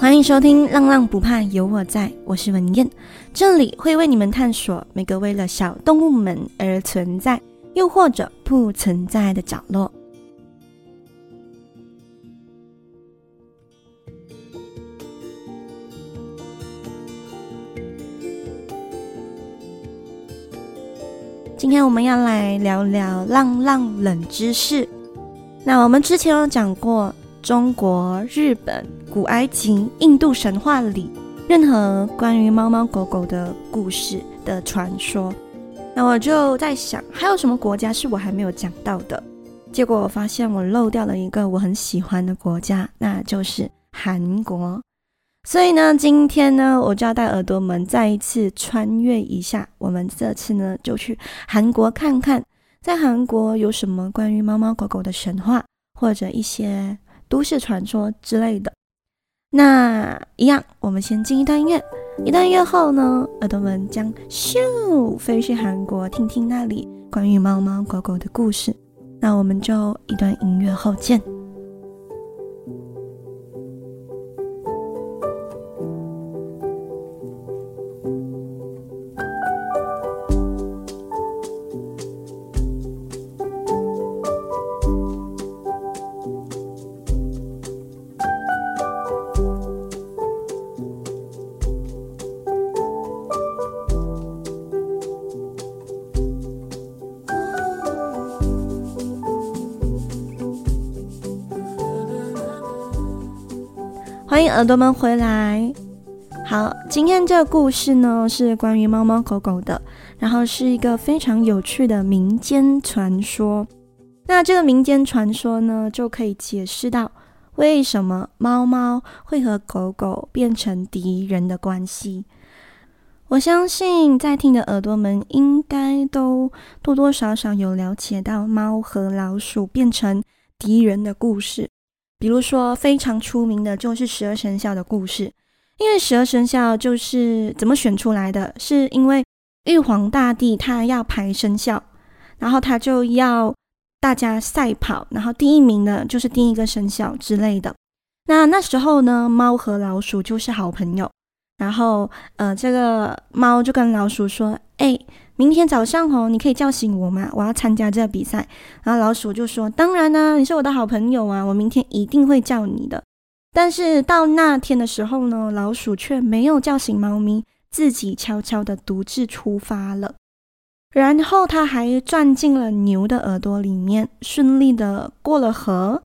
歡迎收聽《浪浪不怕，有我在》，我是文燕，這裡會為你們探索每個為了小動物們而存在，又或者不存在的角落。今天我們要來聊聊浪浪冷知識。那我們之前有講過。中國、日本、古埃及、印度神話裡，任何關於貓貓狗狗的故事的傳說，那我就在想，還有什麼國家是我還沒有講到的？結果我發現我漏掉了一個我很喜歡的國家，那就是韓國。所以呢，今天呢，我就要帶耳朵們再一次穿越一下。我們這次呢，就去韓國看看，在韓國有什麼關於貓貓狗狗的神話或者一些。都市傳說之類的，那一樣，我們先進一段音樂，一段音樂後呢，耳朵們將咻飛去韓國，聽聽那裡關於貓貓狗狗的故事。那我們就一段音樂後見。歡迎耳朵們回來。好，今天這個故事呢，是關於貓貓狗狗的，然後是一個非常有趣的民間傳說。那這個民間傳說呢，就可以解釋到為什麼貓貓會和狗狗變成敵人的關係。我相信在聽的耳朵們，應該都多多少少有了解到貓和老鼠變成敵人的故事。比如說，非常出名的就是十二生肖的故事，因為十二生肖就是怎麼選出來的？是因為玉皇大帝他要排生肖，然後他就要大家賽跑，然後第一名的就是第一個生肖之類的。那那時候呢，貓和老鼠就是好朋友，然後呃，這個貓就跟老鼠說：“哎。”明天早上哦，你可以叫醒我嗎？我要參加這個比賽。然後老鼠就說：“當然呢、啊，你是我的好朋友啊，我明天一定會叫你的。”但是到那天的時候呢，老鼠卻沒有叫醒貓咪，自己悄悄地獨自出發了。然後它還鑽進了牛的耳朵裡面，順利地過了河。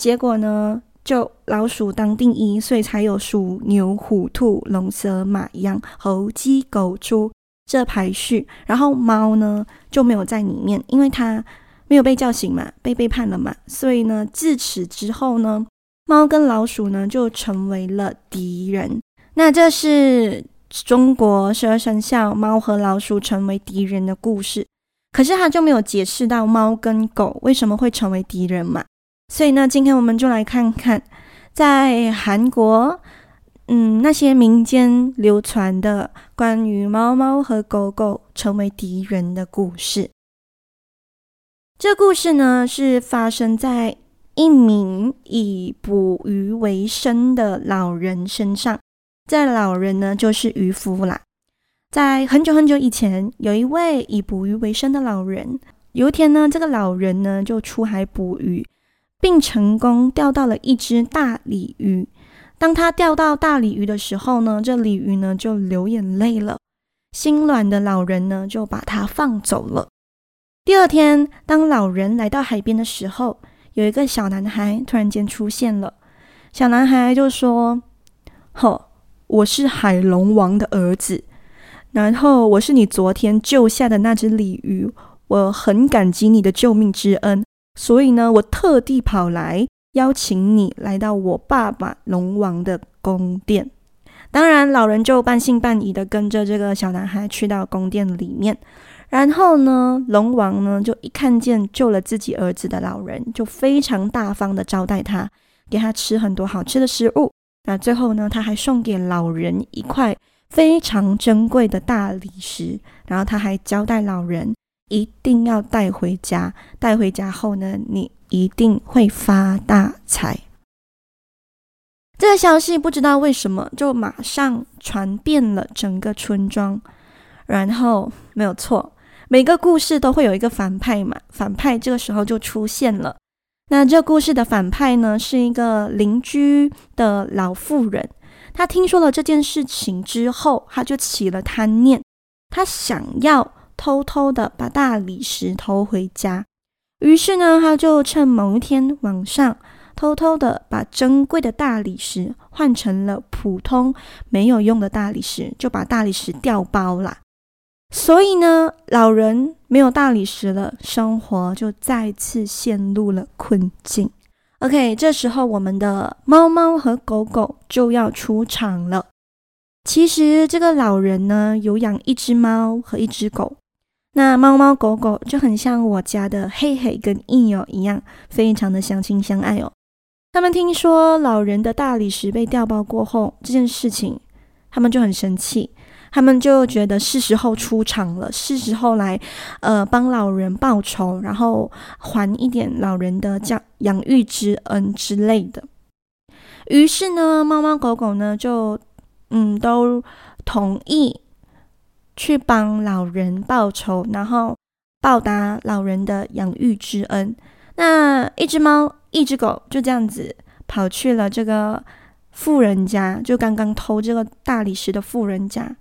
結果呢，就老鼠當第一，所以才有鼠、牛、虎、兔、龍、蛇、馬、羊、猴、雞、狗、豬。這排序，然後貓呢就沒有在裡面，因為它沒有被叫醒嘛，被背叛了嘛，所以呢，自此之後呢，貓跟老鼠呢就成為了敵人。那這是中國十二生肖貓和老鼠成為敵人的故事，可是它就沒有解釋到貓跟狗為什麼會成為敵人嘛？所以呢，今天我們就來看看在韓國，嗯，那些民間流傳的。關於貓貓和狗狗成為敵人的故事。這故事呢，是發生在一名以捕魚為生的老人身上。這老人呢，就是漁夫啦。在很久很久以前，有一位以捕魚為生的老人。有一天呢，這個老人呢就出海捕魚，並成功釣到了一隻大鯉魚。當他釣到大鯉魚的時候呢，這鯉魚呢就流眼淚了。心軟的老人呢就把他放走了。第二天，當老人來到海邊的時候，有一個小男孩突然間出現了。小男孩就說：“吼，我是海龍王的兒子，然後我是你昨天救下的那隻鯉魚，我很感激你的救命之恩，所以呢，我特地跑來。”邀請你來到我爸爸龍王的宮殿，當然老人就半信半疑的跟着這個小男孩去到宮殿裡面。然後呢，龍王呢就一看見救了自己兒子的老人，就非常大方的招待他，給他吃很多好吃的食物。那最後呢，他還送給老人一塊非常珍貴的大理石。然後他還交代老人一定要帶回家，帶回家後呢，你。一定會發大財。這個消息不知道為什麼就馬上傳遍了整個村莊。然後沒有錯，每個故事都會有一個反派嘛，反派這個時候就出現了。那這故事的反派呢，是一個鄰居的老婦人。她聽說了這件事情之後，她就起了貪念，她想要偷偷的把大理石偷回家。於是呢，他就趁某一天晚上，偷偷的把珍貴的大理石換成了普通沒有用的大理石，就把大理石掉包啦。所以呢，老人沒有大理石了，生活就再次陷入了困境。OK，這時候我們的貓貓和狗狗就要出場了。其實這個老人呢，有養一隻貓和一隻狗。那貓貓狗狗就很像我家的嘿嘿跟硬友一樣，非常的相親相愛哦。他們聽說老人的大理石被調包過後，這件事情，他們就很生氣，他們就覺得是時候出場了，是時候來，呃，幫老人報仇，然後還一點老人的教養育之恩之類的。於是呢，貓貓狗狗呢，就嗯，都同意，去幫老人報仇，然後報答老人的養育之恩。那一只貓，一只狗，就這樣子跑去了這個富人家，就剛剛偷這個大理石的富人家。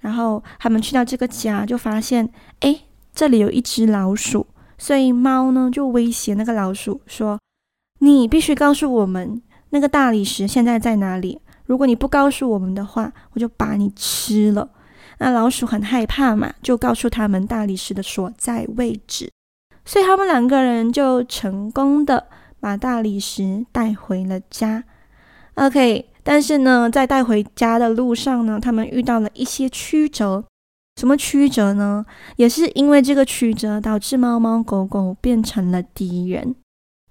然後他們去到這個家，就發現，哎，這裡有一只老鼠。所以貓呢，就威脅那個老鼠說：“你必須告訴我們那個大理石現在在哪裡。如果你不告訴我們的話，我就把你吃了。”那老鼠很害怕嘛，就告訴他們大理石的所在位置，所以他們兩個人就成功的把大理石帶回了家。OK，但是呢，在帶回家的路上呢，他們遇到了一些曲折。什麼曲折呢？也是因為這個曲折導致貓貓狗狗變成了敵人。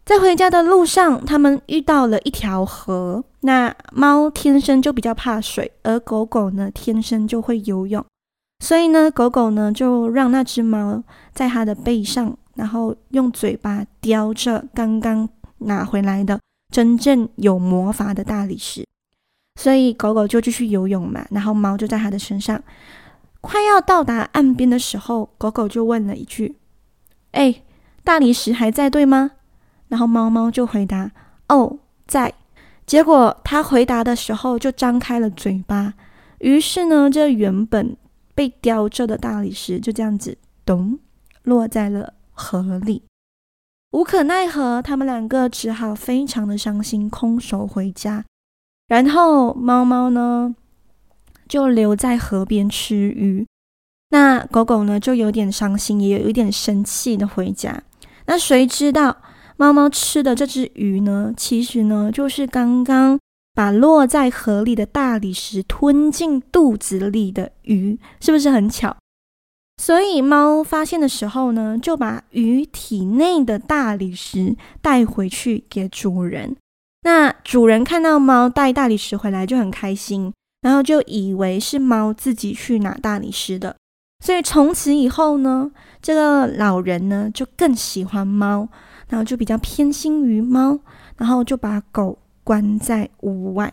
在回家的路上，他們遇到了一條河。.那貓天生就比較怕水，而狗狗呢天生就會游泳，所以呢，狗狗呢就讓那隻貓在它的背上，然後用嘴巴叼着剛剛拿回來的真正有魔法的大理石。所以狗狗就繼續游泳嘛，然後貓就在它的身上。快要到達岸邊的時候，狗狗就問了一句：“誒，大理石還在對嗎？”然後貓貓就回答：“哦，在。”結果他回答的時候就張開了嘴巴，於是呢，這原本被叼着的大理石就這樣子咚落在了河裡。無可奈何，他們兩個只好非常的傷心，空手回家。然後貓貓呢就留在河邊吃魚，那狗狗呢就有點傷心，也有一點生氣的回家。那誰知道？貓貓吃的這隻魚呢，其實呢就是剛剛把落在河裡的大理石吞進肚子裡的魚，是不是很巧？所以貓發現的時候呢，就把魚體內的大理石帶回去給主人。那主人看到貓帶大理石回來就很開心，然後就以為是貓自己去拿大理石的。所以從此以後呢，這個老人呢就更喜歡貓。然後就比較偏心於貓，然後就把狗關在屋外，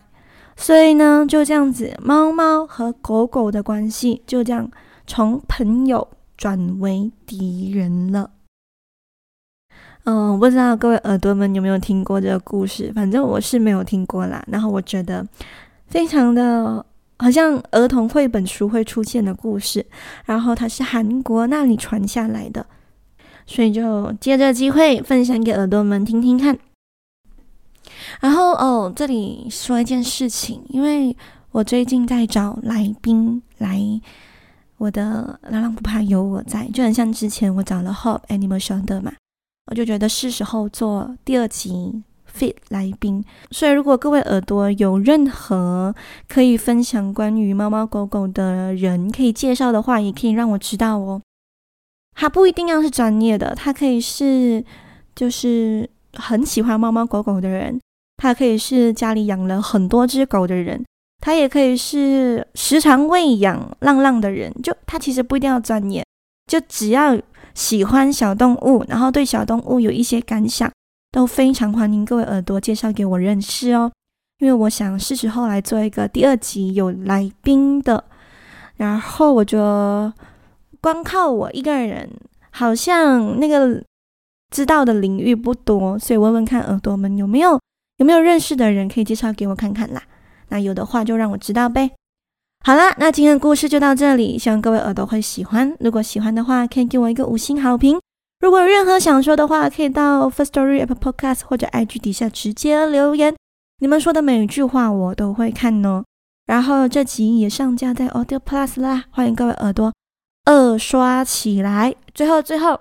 所以呢就這樣子，貓貓和狗狗的關係就這樣從朋友轉為敵人了。嗯，我不知道各位耳朵們有沒有聽過這個故事？反正我是沒有聽過啦。然後我覺得非常的，好像兒童繪本書會出現的故事，然後它是韓國那裡傳下來的。所以就借這機會分享給耳朵們聽聽看。然後哦，這裡說一件事情，因為我最近在找來賓來我的《浪浪不怕，有我在》，就很像之前我找了 Hope Animal Shelter，你們曉得嗎？嘛，我就覺得是時候做第二集 fit 來賓。所以如果各位耳朵有任何可以分享關於貓貓狗狗的人可以介紹的話，也可以讓我知道哦。他不一定要是專業的，他可以是就是很喜歡貓貓狗狗的人，他可以是家裡養了很多只狗的人，他也可以是時常餵養浪浪的人。就他其實不一定要專業，就只要喜歡小動物，然後對小動物有一些感想，都非常歡迎各位耳朵介紹給我認識哦。因為我想是時候來做一個第二集有來賓的，然後我就。光靠我一個人，好像那個知道的領域不多，所以問問看耳朵們有沒有有沒有認識的人可以介紹給我看看啦。那有的話就讓我知道唄。好啦，那今天的故事就到這裡，希望各位耳朵會喜歡。如果喜歡的話，可以給我一個五星好評。如果有任何想說的話，可以到 Firstory App Podcast 或者 IG 底下直接留言，你們說的每一句話我都會看哦。然後這集也上架在 Audio Plus 啦，歡迎各位耳朵。二刷起來，最後最後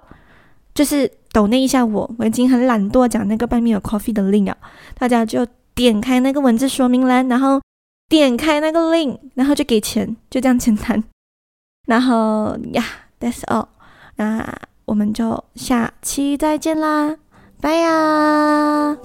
就是抖內一下我，我已經很懶惰，講那個 Buy Me a Coffee 的 link 啊，大家就點開那個文字說明欄，然後點開那個 link，然後就給錢，就這樣簡單。然後呀、yeah，that's all，那我們就下期再見啦，拜呀、啊！